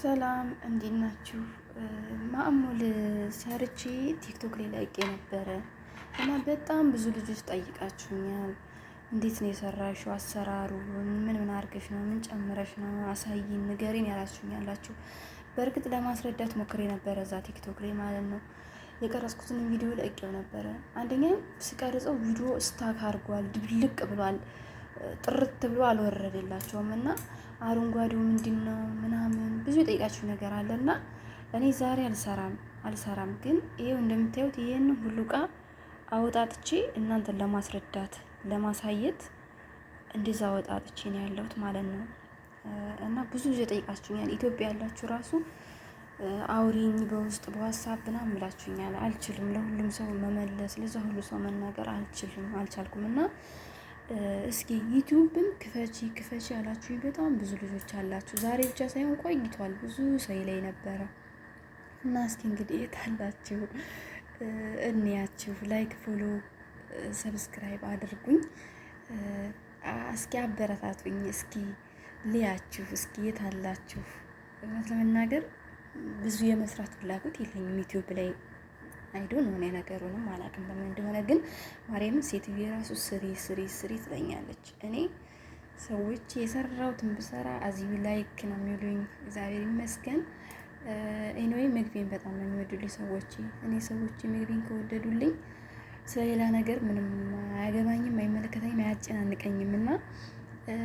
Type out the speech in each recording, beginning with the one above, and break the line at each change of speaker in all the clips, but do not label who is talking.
ሰላም እንዴት ናችሁ? ማእሙል ሰርቼ ቲክቶክ ላይ ለቄ ነበረ እና በጣም ብዙ ልጆች ጠይቃችሁኛል። እንዴት ነው የሰራሽው? አሰራሩ ምን ምን አድርገሽ ነው? ምን ጨምረሽ ነው? አሳይን፣ ንገሪን ያላችሁኛላችሁ። በእርግጥ ለማስረዳት ሞክሬ ነበረ እዛ ቲክቶክ ላይ ማለት ነው። የቀረጽኩትን ቪዲዮ ለቄው ነበረ። አንደኛ ስቀርጸው ቪዲዮ ስታክ አድርጓል፣ ድብልቅ ብሏል። ጥርት ብሎ አልወረደላቸውም እና አረንጓዴው ምንድን ነው ምናምን ብዙ የጠይቃችሁ ነገር አለ እና እኔ ዛሬ አልሰራም አልሰራም ግን ይሄው እንደምታዩት ይህን ሁሉ እቃ አወጣጥቼ እናንተን ለማስረዳት ለማሳየት እንደዛ አወጣጥቼ ነው ያለሁት ማለት ነው። እና ብዙ ጊዜ ጠይቃችሁኛል። ኢትዮጵያ ያላችሁ ራሱ አውሪኝ በውስጥ በዋትሳፕ ምናምን ብላችሁኛል። አልችልም ለሁሉም ሰው መመለስ ለዛ ሁሉ ሰው መናገር አልችልም አልቻልኩም እና እስኪ ዩቲዩብም ክፈቺ ክፈቺ ያላችሁ በጣም ብዙ ልጆች አላችሁ። ዛሬ ብቻ ሳይሆን ቆይቷል ብዙ ሰው ላይ ነበረ እና እስኪ እንግዲህ የታላችሁ እንያችሁ ላይክ፣ ፎሎ፣ ሰብስክራይብ አድርጉኝ። እስኪ አበረታቱኝ። እስኪ ልያችሁ እስኪ የታላችሁ ለመናገር ብዙ የመስራት ፍላጎት የለኝም ዩቲዩብ ላይ አይዶን የሆነ ነገሩንም አላውቅም ለምን እንደሆነ ግን ማርያምን ሴትዮ የራሱ ስሪ ስሪ ስሪ ትለኛለች። እኔ ሰዎች የሰራሁትን ብሰራ አዚቢ ላይክ ነው የሚሉኝ። እግዚአብሔር ይመስገን። ኤኒዌይ ምግቤን በጣም ነው የሚወዱልኝ ሰዎች። እኔ ሰዎች ምግቤን ከወደዱልኝ ስለሌላ ነገር ምንም አያገባኝም፣ አይመለከተኝም፣ አያጨናንቀኝም እና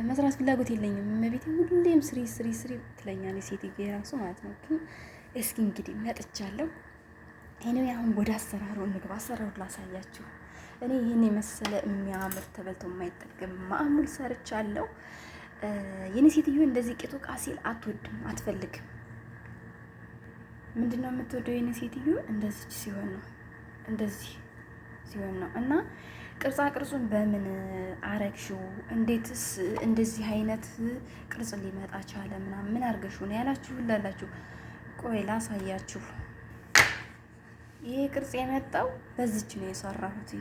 መስራት ፍላጎት የለኝም። እመቤቴ ሁሌም ስሪ ስሪ ስሪ ትለኛለች ሴትዮ የራሱ ማለት ነው። እስኪ እንግዲህ መጥቻለሁ እኔ አሁን ወደ አሰራሩ እንግባ። አሰራሩ ላሳያችሁ። እኔ ይህን የመሰለ የሚያምር ተበልቶ የማይጠገም ማዕሙል ሰርቻለሁ። የኔ ሴትዮ እንደዚህ ቂጡ ቃሲል ሲል አትወድም፣ አትፈልግም። ምንድነው የምትወደው የኔ ሴትዮ? እንደዚች ሲሆን ነው፣ እንደዚህ ሲሆን ነው። እና ቅርጻ ቅርጹን በምን አረግሽው? እንዴትስ እንደዚህ አይነት ቅርጽ ሊመጣ ቻለ? ምናምን ምን አርገሽው ነው ያላችሁ ላላችሁ፣ ቆይ ላሳያችሁ ይሄ ቅርጽ የመጣው በዚች ነው የሰራሁት።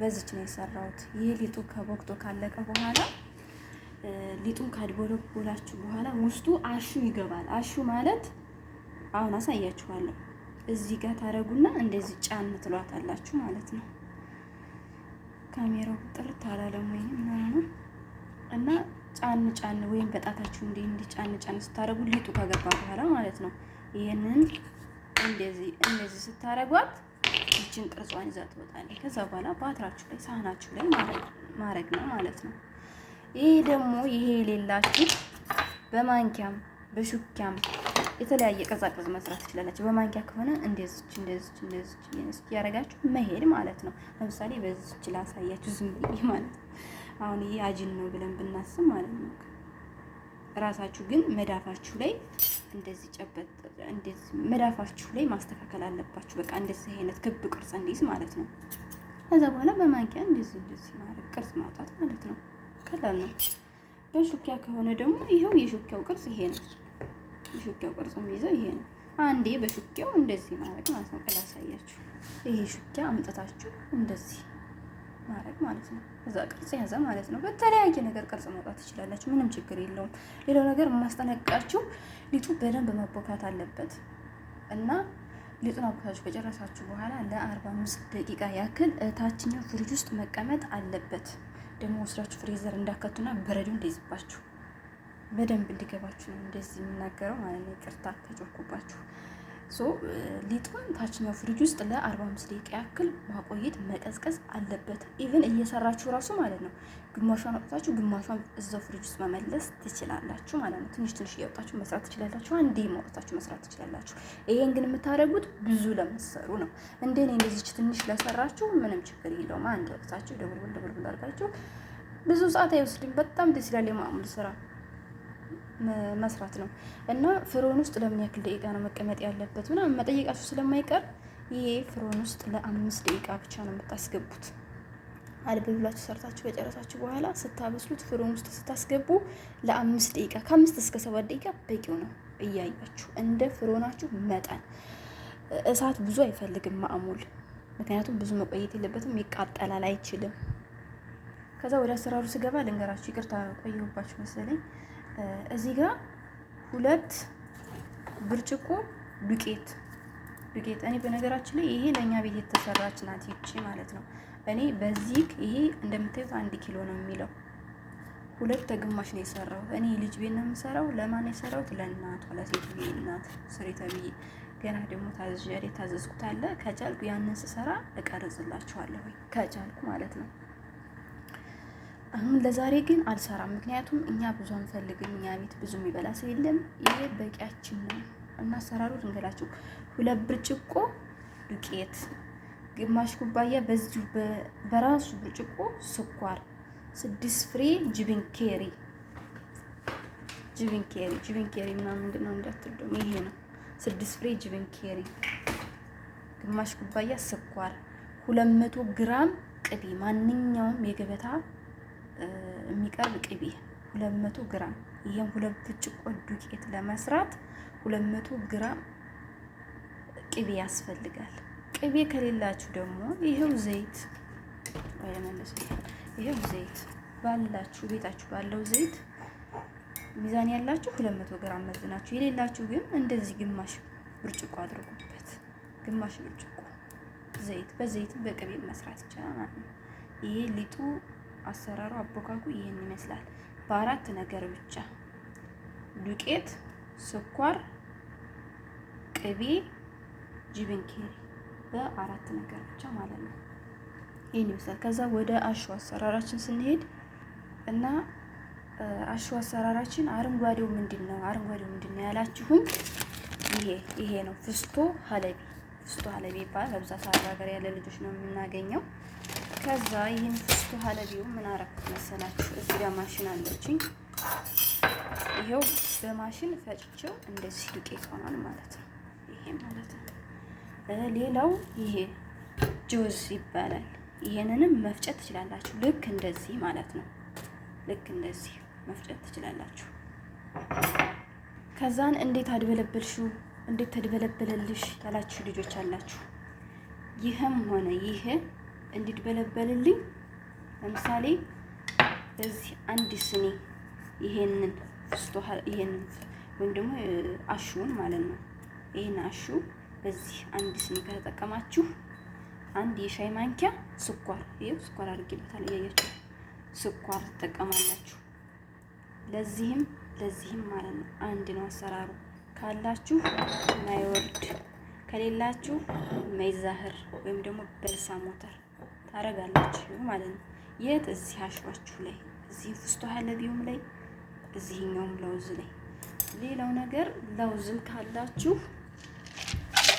በዚች ነው የሰራሁት። ይሄ ሊጡ ከቦክቶ ካለቀ በኋላ ሊጡን ካድቦለቦላችሁ በኋላ ውስጡ አሹ ይገባል። አሹ ማለት አሁን አሳያችኋለሁ። እዚህ ጋር ታረጉና እንደዚህ ጫን ትሏታላችሁ አላችሁ ማለት ነው። ካሜራው ጥርት አላለም ወይም ምናምን እና ጫን ጫን ወይም በጣታችሁ እንዲህ እንዲህ ጫን ጫን ስታረጉ ሊጡ ከገባ በኋላ ማለት ነው ይሄንን እንደዚህ እንደዚህ ስታረጓት ይችን ቅርጿን ይዛ ትወጣለች። ከዛ በኋላ በአትራችሁ ላይ ሳህናችሁ ላይ ማድረግ ነው ማለት ነው። ይሄ ደግሞ ይሄ የሌላችሁ በማንኪያም በሹኪያም የተለያየ ቀዛቀዝ መስራት ትችላላችሁ። በማንኪያ ከሆነ እንደዚች እንደዚች እንደዚች እንደዚች ያረጋችሁ መሄድ ማለት ነው። ለምሳሌ በዚች ላሳያችሁ ዝም ብዬ ማለት ነው። አሁን ይሄ አጅን ነው ብለን ብናስብ ማለት ነው። ራሳችሁ ግን መዳፋችሁ ላይ እንደዚህ ጨበጥ እንደዚህ መዳፋችሁ ላይ ማስተካከል አለባችሁ። በቃ እንደዚህ አይነት ክብ ቅርጽ እንዲይዝ ማለት ነው። ከዛ በኋላ በማንኪያ እንደዚህ እንደዚህ ማድረግ ቅርጽ ማውጣት ማለት ነው። ቀላል ነው። በሹኪያ ከሆነ ደግሞ ይኸው የሹኪያው ቅርጽ ይሄ ነው። የሹኪያው ቅርጽ የሚይዘው ይሄ ነው። አንዴ በሹኪያው እንደዚህ ማድረግ ማለት ነው። ቀላል ይሄ ሹኪያ አምጥታችሁ እንደዚህ ማድረግ ማለት ነው። እዛ ቅርጽ ያዘ ማለት ነው። በተለያየ ነገር ቅርጽ መውጣት ትችላላችሁ። ምንም ችግር የለውም። ሌላው ነገር የማስጠነቅቃችሁ ሊጡ በደንብ መቦካት አለበት እና ሊጡን አቦካችሁ ከጨረሳችሁ በኋላ ለ45 ደቂቃ ያክል ታችኛው ፍሪጅ ውስጥ መቀመጥ አለበት። ደግሞ ወስዳችሁ ፍሬዘር እንዳከቱና በረዶ እንዳይዝባችሁ በደንብ እንዲገባችሁ ነው እንደዚህ የምናገረው ማለት ነው። ይቅርታ ተጮኩባችሁ። ሶ ሊጡን ታችኛው ፍሪጅ ውስጥ ለ45 ደቂቃ ያክል ማቆየት መቀዝቀዝ አለበት። ኢቨን እየሰራችሁ ራሱ ማለት ነው። ግማሿን አውጥታችሁ ግማሿን እዛው ፍሪጅ ውስጥ መመለስ ትችላላችሁ ማለት ነው። ትንሽ ትንሽ እያወጣችሁ መስራት ትችላላችሁ። አንዴ ማውጣችሁ መስራት ትችላላችሁ። ይሄን ግን የምታደርጉት ብዙ ለምትሰሩ ነው። እንደኔ እንደዚች ትንሽ ለሰራችሁ ምንም ችግር የለውም። አንድ ወቅታችሁ ደብልብል ደብልብል አድርጋችሁ ብዙ ሰዓት አይወስድም። በጣም ደስ ይላል የማዕሙል ስራ መስራት ነው እና ፍሮን ውስጥ ለምን ያክል ደቂቃ ነው መቀመጥ ያለበት ምናምን መጠየቃችሁ ስለማይቀር ይሄ ፍሮን ውስጥ ለአምስት ደቂቃ ብቻ ነው የምታስገቡት። አልብ ብላችሁ ሰርታችሁ በጨረሳችሁ በኋላ ስታበስሉት ፍሮን ውስጥ ስታስገቡ ለአምስት ደቂቃ ከአምስት እስከ ሰባት ደቂቃ በቂው ነው። እያያችሁ እንደ ፍሮናችሁ መጠን እሳት ብዙ አይፈልግም ማዕሙል፣ ምክንያቱም ብዙ መቆየት የለበትም ይቃጠላል፣ አይችልም። ከዛ ወደ አሰራሩ ስገባ ልንገራችሁ። ይቅርታ ቆየሁባችሁ መሰለኝ። እዚህ ጋር ሁለት ብርጭቆ ዱቄት ዱቄት እኔ በነገራችን ላይ ይሄ ለእኛ ቤት የተሰራች ናት ይቺ ማለት ነው። እኔ በዚህ ይሄ እንደምታዩት አንድ ኪሎ ነው የሚለው ሁለት ተግማሽ ነው የሰራው እኔ ልጅ ቤት ነው የምሰራው። ለማን የሰራሁት? ለእናት ለሴት እናት ስሪ ተብዬ ገና ደግሞ ታዘዣ ታዘዝኩት አለ። ከቻልኩ ያንን ስሰራ እቀርጽላችኋለሁ ከቻልኩ ማለት ነው። አሁን ለዛሬ ግን አልሰራም። ምክንያቱም እኛ ብዙ አንፈልግም። እኛ ቤት ብዙ የሚበላ ሰው የለም። ይሄ በቂያችን ነው እና አሰራሩ ልንገራችሁ። ሁለት ብርጭቆ ዱቄት፣ ግማሽ ኩባያ በዚሁ በራሱ ብርጭቆ ስኳር፣ ስድስት ፍሬ ጅብን ኬሪ ጅብን ኬሪ ጅብን ኬሪ ምናምን ነው እንዳትሉም፣ ይሄ ነው። ስድስት ፍሬ ጅብን ኬሪ፣ ግማሽ ኩባያ ስኳር፣ ሁለት መቶ ግራም ቅቤ ማንኛውም የገበታ የሚቀርብ ቅቤ 200 ግራም ይሄም ሁለት ብርጭቆ ዱቄት ለመስራት 200 ግራም ቅቤ ያስፈልጋል። ቅቤ ከሌላችሁ ደግሞ ይሄው ዘይት ወይ ለምንስ ይሄው ዘይት ባላችሁ ቤታችሁ ባለው ዘይት ሚዛን ያላችሁ 200 ግራም መዝናችሁ፣ የሌላችሁ ግን እንደዚህ ግማሽ ብርጭቆ አድርጉበት። ግማሽ ብርጭቆ ዘይት በዘይት በቅቤ መስራት ይቻላል ማለት ነው። ይሄ ሊጡ አሰራሩ አቦካኩ ይህን ይመስላል። በአራት ነገር ብቻ ዱቄት፣ ስኳር፣ ቅቤ፣ ጅብን ኬሪ በአራት ነገር ብቻ ማለት ነው። ይህን ይመስላል። ከዛ ወደ አሹ አሰራራችን ስንሄድ እና አሹ አሰራራችን አረንጓዴው ምንድን ነው? አረንጓዴው ምንድን ነው ያላችሁም፣ ይሄ ይሄ ነው ፍስቶ ሀለቢ። ፍስቶ ሀለቢ ይባላል። በብዛት አረብ ሀገር ያለ ልጆች ነው የምናገኘው። ከዛ ይህን ፍስቱ ሀለቢው ምን አረኩት መሰላችሁ? እዚህ ጋር ማሽን አለችኝ። ይኸው በማሽን ፈጭቸው እንደዚህ ዱቄት ሆኗል ማለት ነው። ይሄ ማለት ነው። ሌላው ይሄ ጆዝ ይባላል። ይሄንንም መፍጨት ትችላላችሁ። ልክ እንደዚህ ማለት ነው። ልክ እንደዚህ መፍጨት ትችላላችሁ። ከዛን እንዴት አድበለበልሽው፣ እንዴት ተድበለበለልሽ ያላችሁ ልጆች አላችሁ። ይህም ሆነ ይሄ እንዲድበለበልልኝ ለምሳሌ በዚህ አንድ ስኒ ይሄንን ስቶሃል ይሄንን ወይም ደግሞ አሹን ማለት ነው። ይሄን አሹ በዚህ አንድ ስኒ ከተጠቀማችሁ አንድ የሻይ ማንኪያ ስኳር ይኸው ስኳር አድርጌበታል እያያችሁ ስኳር ትጠቀማላችሁ። ለዚህም ለዚህም ማለት ነው አንድ ነው አሰራሩ። ካላችሁ ማይወርድ ከሌላችሁ መይዛህር ወይም ደግሞ በልሳ ሞተር ታረጋላችሁ ማለት ነው። የት እዚህ አሽሯችሁ ላይ እዚህ ውስጡ ሀለቢውም ላይ እዚህኛውም ለውዝ ላይ። ሌላው ነገር ለውዝም ካላችሁ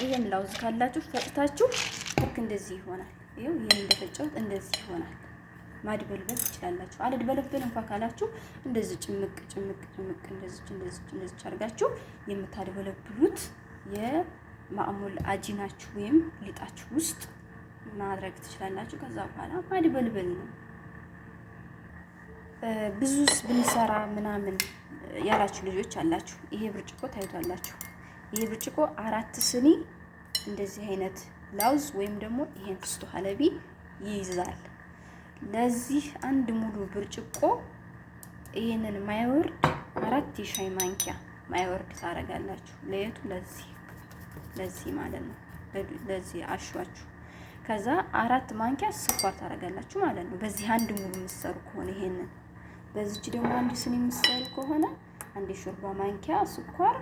ይሄም ለውዝ ካላችሁ ፈጭታችሁ ልክ እንደዚህ ይሆናል። ይሄው ይሄን እንደፈጨሁት እንደዚህ ይሆናል። ማድበልበል ትችላላችሁ። አልድበለበል እንኳን ካላችሁ እንደዚህ ጭምቅ ጭምቅ ጭምቅ እንደዚህ እንደዚህ እንደዚህ አድርጋችሁ የምታድበለብሉት የማዕሙል አጂናችሁ ወይም ሊጣችሁ ውስጥ ማድረግ ትችላላችሁ። ከዛ በኋላ ማድበልበል ነው። ብዙስ ብንሰራ ምናምን ያላችሁ ልጆች አላችሁ። ይሄ ብርጭቆ ታይቷላችሁ። ይሄ ብርጭቆ አራት ስኒ እንደዚህ አይነት ላውዝ ወይም ደግሞ ይሄን ፍስቶ ሀለቢ ይይዛል። ለዚህ አንድ ሙሉ ብርጭቆ ይሄንን ማይወርድ አራት የሻይ ማንኪያ ማይወርድ ታረጋላችሁ። ለየቱ ለዚህ ለዚህ ማለት ነው። ለዚህ አሽዋችሁ ከዛ አራት ማንኪያ ስኳር ታደርጋላችሁ ማለት ነው። በዚህ አንድ ሙሉ የምትሰሩ ከሆነ ይሄንን በዚች ደግሞ አንድ ስኒ የምትሰሩ ከሆነ አንድ የሾርባ ማንኪያ ስኳር፣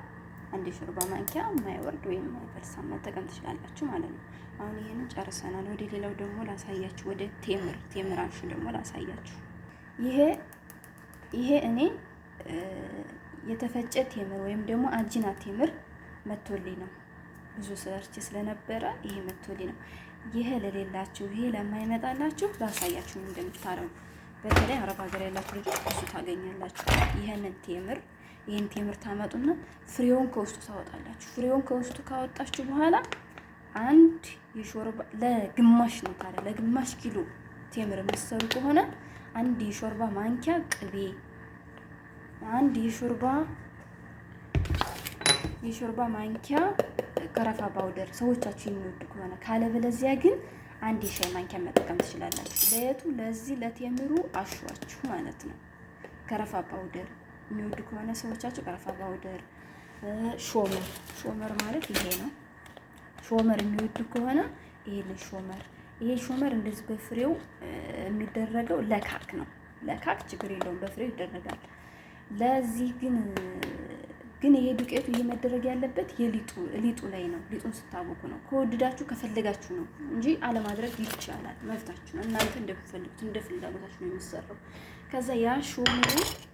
አንድ የሾርባ ማንኪያ ማይወርድ ወይም ማይፈልሳ መጠቀም ትችላላችሁ ማለት ነው። አሁን ይሄንን ጨርሰናል። ወደ ሌላው ደግሞ ላሳያችሁ፣ ወደ ቴምር ቴምር አንሹ ደግሞ ላሳያችሁ። ይሄ ይሄ እኔ የተፈጨ ቴምር ወይም ደግሞ አጂና ቴምር መቶልኝ ነው ብዙ ሰርች ስለነበረ ይሄ መቶልኝ ነው። ይሄ ለሌላችሁ ይሄ ለማይመጣላችሁ ላሳያችሁ እንደምታረጉ በተለይ አረብ ሀገር ያላችሁ ልጆች ብዙ ታገኛላችሁ። ይህንን ቴምር ይህን ቴምር ታመጡና ፍሬውን ከውስጡ ታወጣላችሁ። ፍሬውን ከውስጡ ካወጣችሁ በኋላ አንድ የሾርባ ለግማሽ ነው ታዲያ ለግማሽ ኪሎ ቴምር የምትሰሩ ከሆነ አንድ የሾርባ ማንኪያ ቅቤ፣ አንድ የሾርባ የሾርባ ማንኪያ ቀረፋ ባውደር ሰዎቻችሁ የሚወዱ ከሆነ ካለበለዚያ ግን አንድ የሻይ ማንኪያ መጠቀም ትችላላችሁ። ለየቱ ለዚህ ለቴምሩ አሽሯችሁ ማለት ነው። ቀረፋ ባውደር የሚወዱ ከሆነ ሰዎቻችሁ ቀረፋ ባውደር፣ ሾመር ሾመር ማለት ይሄ ነው። ሾመር የሚወዱ ከሆነ ይሄንን ሾመር ይሄ ሾመር እንደዚህ በፍሬው የሚደረገው ለካክ ነው። ለካክ ችግር የለውም በፍሬው ይደረጋል። ለዚህ ግን ግን ይሄ ዱቄቱ እየመደረግ ያለበት የሊጡ ላይ ነው። ሊጡን ስታወቁ ነው። ከወደዳችሁ ከፈለጋችሁ ነው እንጂ አለማድረግ ይቻላል። መብታችሁ ነው። እናንተ እንደፈለጉት እንደ ፍላጎታችሁ ነው የሚሰራው። ከዛ ያ ሾምሩ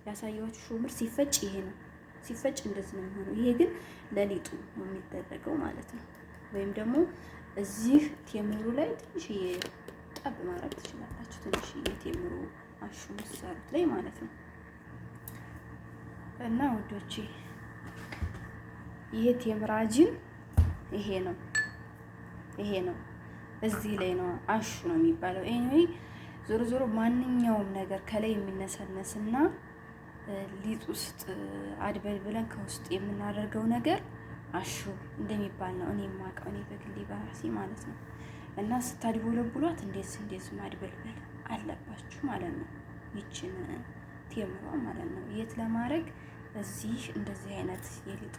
ያሳየኋችሁ ሾምር ሲፈጭ ይሄ ነው ሲፈጭ እንደዚህ ነው የሚሆነው። ይሄ ግን ለሊጡ ነው የሚደረገው ማለት ነው። ወይም ደግሞ እዚህ ቴምሩ ላይ ትንሽ ጠብ ማድረግ ትችላላችሁ። ትንሽ የቴምሩ አሹ ሰሩት ላይ ማለት ነው እና ወዶቼ ይሄ ቴምራጅን ይሄ ነው ይሄ ነው እዚህ ላይ ነው አሹ ነው የሚባለው። ኤኒዌይ ዞሮ ዞሮ ማንኛውም ነገር ከላይ የሚነሰነስና ሊጥ ውስጥ አድበል ብለን ከውስጥ የምናደርገው ነገር አሹ እንደሚባል ነው እኔ የማውቀው እኔ በግሌ በራሴ ማለት ነው። እና ስታድቦለቡሏት እንዴት እንዴት ማድበል አለባችሁ ማለት ነው። ይችን ቴምሯ ማለት ነው የት ለማድረግ እዚህ እንደዚህ አይነት የሊጡ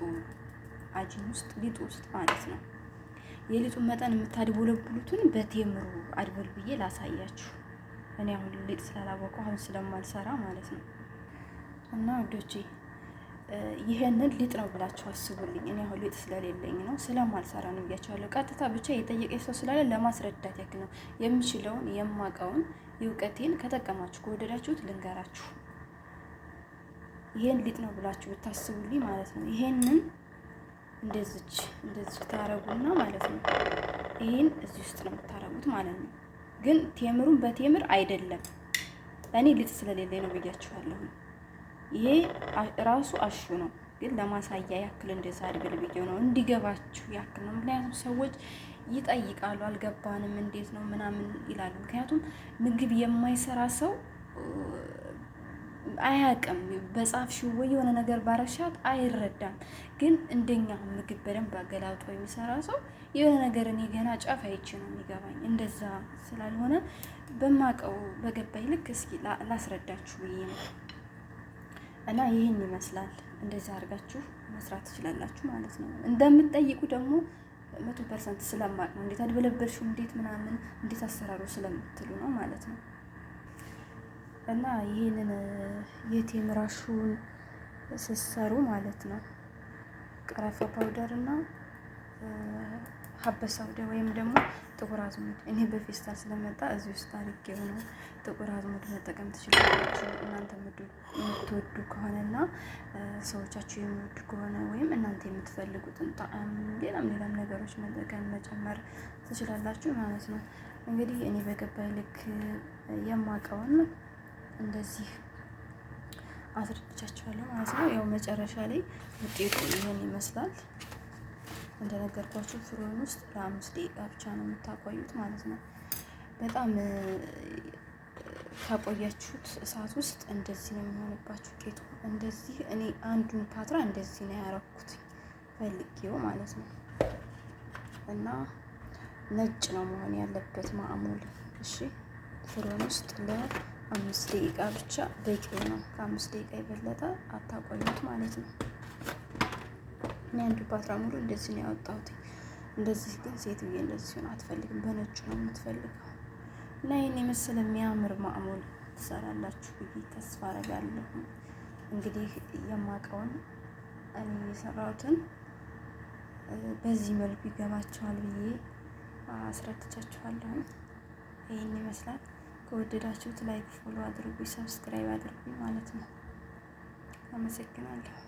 አጅን ውስጥ ሊጡ ውስጥ ማለት ነው። የሊጡን መጠን የምታድቦለብሉትን በቴምሩ አድበል ብዬ ላሳያችሁ። እኔ አሁን ሊጥ ስላላወቀው አሁን ስለማልሰራ ማለት ነው። እና ወዶቼ ይሄንን ሊጥ ነው ብላችሁ አስቡልኝ። እኔ አሁን ሊጥ ስለሌለኝ ነው ስለማልሰራ ነው ብያቸዋለሁ። ቀጥታ ብቻ የጠየቀኝ ሰው ስላለ ለማስረዳት ያክል ነው። የምችለውን የማውቀውን እውቀቴን ከጠቀማችሁ ከወደዳችሁት ልንገራችሁ። ይሄን ሊጥ ነው ብላችሁ ብታስቡልኝ ማለት ነው ይሄንን እንደዚች እንደዚች ታረጉና ማለት ነው። ይህን እዚህ ውስጥ ነው የምታረጉት ማለት ነው። ግን ቴምሩን በቴምር አይደለም። እኔ ሊጥ ስለሌለኝ ነው ብያችኋለሁ። ይሄ ራሱ አሹ ነው። ግን ለማሳያ ያክል እንደዛ አድገል ልብየው ነው እንዲገባችሁ ያክል ነው። ምክንያቱም ሰዎች ይጠይቃሉ፣ አልገባንም እንዴት ነው ምናምን ይላሉ። ምክንያቱም ምግብ የማይሰራ ሰው አያቅም በጻፍሽው ወይ የሆነ ነገር ባረሻት አይረዳም። ግን እንደኛ ምግብ በደንብ አገላብጦ የሚሰራ ሰው የሆነ ነገር እኔ ገና ጫፍ አይቼ ነው የሚገባኝ። እንደዛ ስላልሆነ በማቀው በገባኝ ልክ እስኪ ላስረዳችሁ ብዬ ነው እና ይህን ይመስላል። እንደዚህ አድርጋችሁ መስራት ትችላላችሁ ማለት ነው። እንደምትጠይቁ ደግሞ መቶ ፐርሰንት ስለማቅ ነው እንዴት አድበለበልሽው እንዴት ምናምን እንዴት አሰራሩ ስለምትሉ ነው ማለት ነው። እና ይህንን የቴም ራሹን ስሰሩ ማለት ነው ቀረፋ ፓውደር እና ሀበ ወይም ደግሞ ጥቁር አዝሙድ እኔ በፌስታል ስለመጣ እዚህ ውስጥ አድርጌው የሆነ ጥቁር አዝሙድ መጠቀም ትችላላችሁ እናንተ የምትወዱ ከሆነ እና ሰዎቻችሁ የሚወዱ ከሆነ ወይም እናንተ የምትፈልጉትን ጣዕም፣ ሌላም ሌላም ነገሮች መጠቀም መጨመር ትችላላችሁ ማለት ነው። እንግዲህ እኔ በገባይ ልክ የማውቀውን እንደዚህ አስረድቻችኋለሁ ማለት ነው። ያው መጨረሻ ላይ ውጤቱ ይህን ይመስላል። እንደነገርኳችሁ ፍሮን ውስጥ ለአምስት ደቂቃ ብቻ ነው የምታቆዩት ማለት ነው። በጣም ካቆያችሁት እሳት ውስጥ እንደዚህ ነው የሚሆንባችሁ ኬቱ። እንደዚህ እኔ አንዱን ፓትራ እንደዚህ ነው ያረኩት ፈልጌው ማለት ነው። እና ነጭ ነው መሆን ያለበት ማዕሙል። እሺ ፍሮን ውስጥ ለ አምስት ደቂቃ ብቻ በቂው ነው። ከአምስት ደቂቃ የበለጠ አታቆዩት ማለት ነው። እኔ አንዱ ፓትራ ሙሉ እንደዚህ ነው ያወጣሁት። እንደዚህ ግን ሴትዬ እንደዚህ ሲሆን አትፈልግም፣ በነጩ ነው የምትፈልገው። እና ይህን የመሰለ የሚያምር ማዕሙል ትሰራላችሁ ብዬ ተስፋ አረጋለሁ። እንግዲህ የማውቀውን እኔ የሰራሁትን በዚህ መልኩ ይገባችኋል ብዬ አስረድቻችኋለሁ። ይህን ይመስላል። ከወደዳችሁት ላይክ፣ ፎሎ አድርጉ፣ ሰብስክራይብ አድርጉ ማለት ነው። አመሰግናለሁ።